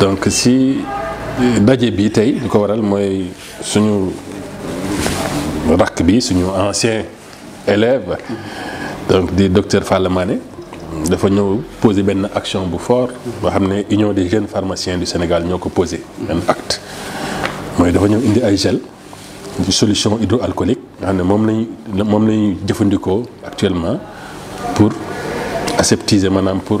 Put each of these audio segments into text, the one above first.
donc si euh, daje bi tay li waral moy suñu rak bi suñu ancien élève donc di docteur Falla Mané dafa ñeu poser ben action bu fort boo xamné union des jeunes pharmaciens du Sénégal ñoko poser un acte mooy dafa ñeu indi ay gel une solution hydroalcoolique nga mom ne mom lañu jëfëndiko actuellement pour aseptiser manam pour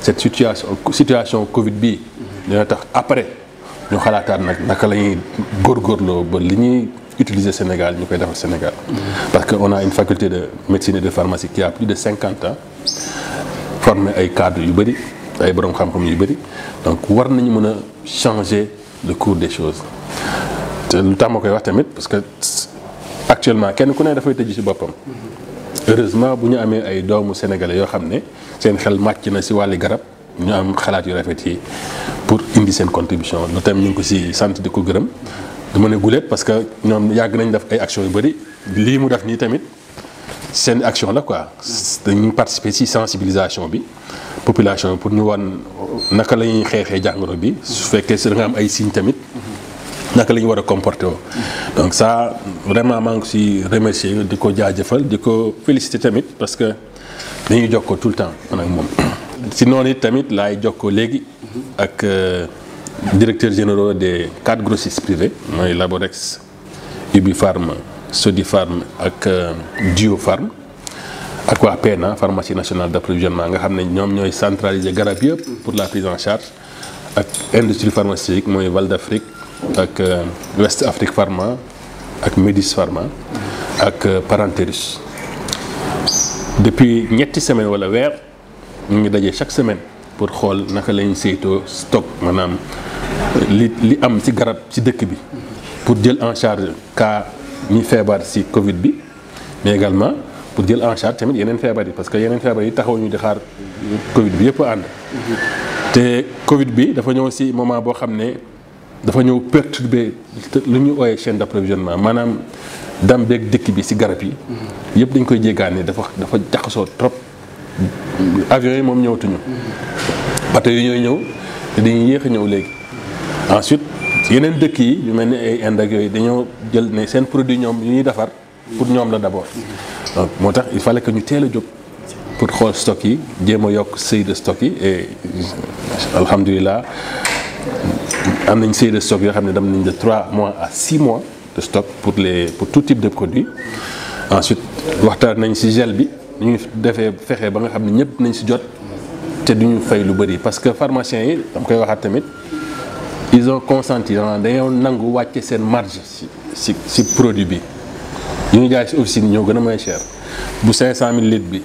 cette situation situation Covid bi dina tax après ñu xalaataat nak naka la ñuy góorgóorloo ba li utiliser Sénégal ñu koy Sénégal. parce qu'on a une faculté de médecine et de pharmacie qui a plus de 50 ans formé ay cadres yu bari ay borom xam-xam yu bari donc war nañu mëna changer le cours des choses té lu tax koy wax tamit parce que actuellement kenn ku ne dafay tëj ci bopam heureusement si vous avez des doomu sénégalais yoo xam des xel màcc na pour indi contribution notamment avons ñu de ko de sant di gërëm parce que nous avons nañ def ay action yu a fait, c'est une tamit action la quoi sensibilisation la population pour nous naka la naka lañu wara comporté comporter donc ça vraiment mang de remercier diko ko diko tamit parce que dañuy jokkoo tout le temps Sinon, ak moom si tamit lay ak euh, directeur général des quatre grossistes privés moy Laborex UbiFarm, Sodifarm et Duofarm. ak euh, Dio ak pharmacie nationale d'approvisionnement nga xamné ñom ñoy centraliser garab pour la prise en charge ak industrie pharmaceutique moy Val d'Afrique ak euh, West Africa Pharma ak Medis Pharma ak euh, Parenterus depuis ñetti semaine wala weer nous ngi chaque semaine pour xool naka lañ saytoo stock maanaam li li am ci garab ci dëkk bi pour dire en charge car ñi feebar ci Covid bi mais également pour dire en charge tamit yeneen feebar yi parce que yeneen feebar yi taxaw ñu di xaar Covid bi yëpp ànd. Mhm. te Covid bi dafa ñëw ci moment boo xam ne dafa ñëw perturber lu ñu ooyee chaîne d'approvisionnement manam dam beeg dikk bi ci garab yi. yëpp dañ koy jéggaane dafa dafa jaxasoo trop. avion yi moom ñëwatuñu. bateau yi ñooy ñëw te dañuy yéex ensuite yeneen dëkk yi yu mel ni ay Inde ak yooyu jël ne seen produit ñoom yu ñuy defar. pour ñoom la d'abord. donc il fallait que ñu teel a pour xool stock yi jéem yok yokk de stock yi et alhamdulilah am nañ série de stock yoo xam ne de 3 mois à 6 mois de stock pour les pour tout type de produits. ensuite waxtaan nañ ci gel bi ñu ngi defee fexe ba nga xam ne ñëpp nañ ci jot te duñu fay lu parce que pharmaciens yi dam koy waxaat tamit ils ont consenti dañoo nangu wàcce une marge ci ci produit bi ñu ngi jaay ci officine moins cher bu 500000 litres bi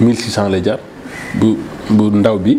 1600 litres jar bu bu ndaw bi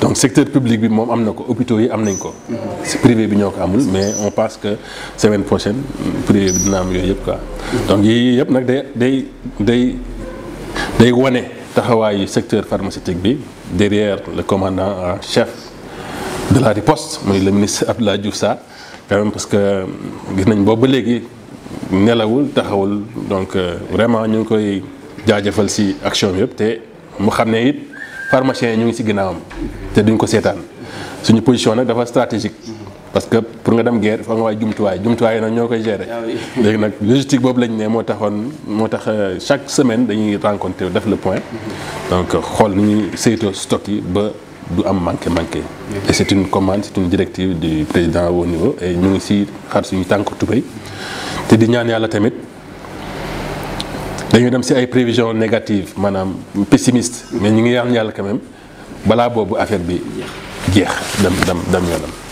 donc secteur public bi moom am ko hôpitaux yi am ko. si privé bi ñoo amul mais on pense que semaine prochaine privé bi dina am yooyu yëpp quoi. donc yii yëpp nag day day day day secteur pharmaceutique bi derrière le commandant en chef de la riposte le ministre Abdoulaye Diouf quand même parce que euh, gis nañ boobu ba léegi nelawul taxawul donc euh, vraiment nous avons koy jaajëfal si action nous yëpp te pharmaciens ñu ngi ci ginaawam té duñ ko seetaan suñu position nak dafa stratégique parce que pour nga dem guerre fa nga way jumtuwaay jumtuwaay nak ñoo koy gérer ah léegi nag logistique bobu lañ ne mo taxone mo tax euh, chaque semaine dañuy rencontrer def le point donc euh, xol nu séto stock yi ba du am manqué manqué et c'est une commande c'est une directive du président au niveau et ñu ngi ci xar suñu tànk tubéy té di ñaan yàlla tamit dañuy dem si ay prévisions négatives manam pessimiste mais ñu ngi ñaan yalla quand même bala bobu affaire bi jeex dem dem dem yoonam.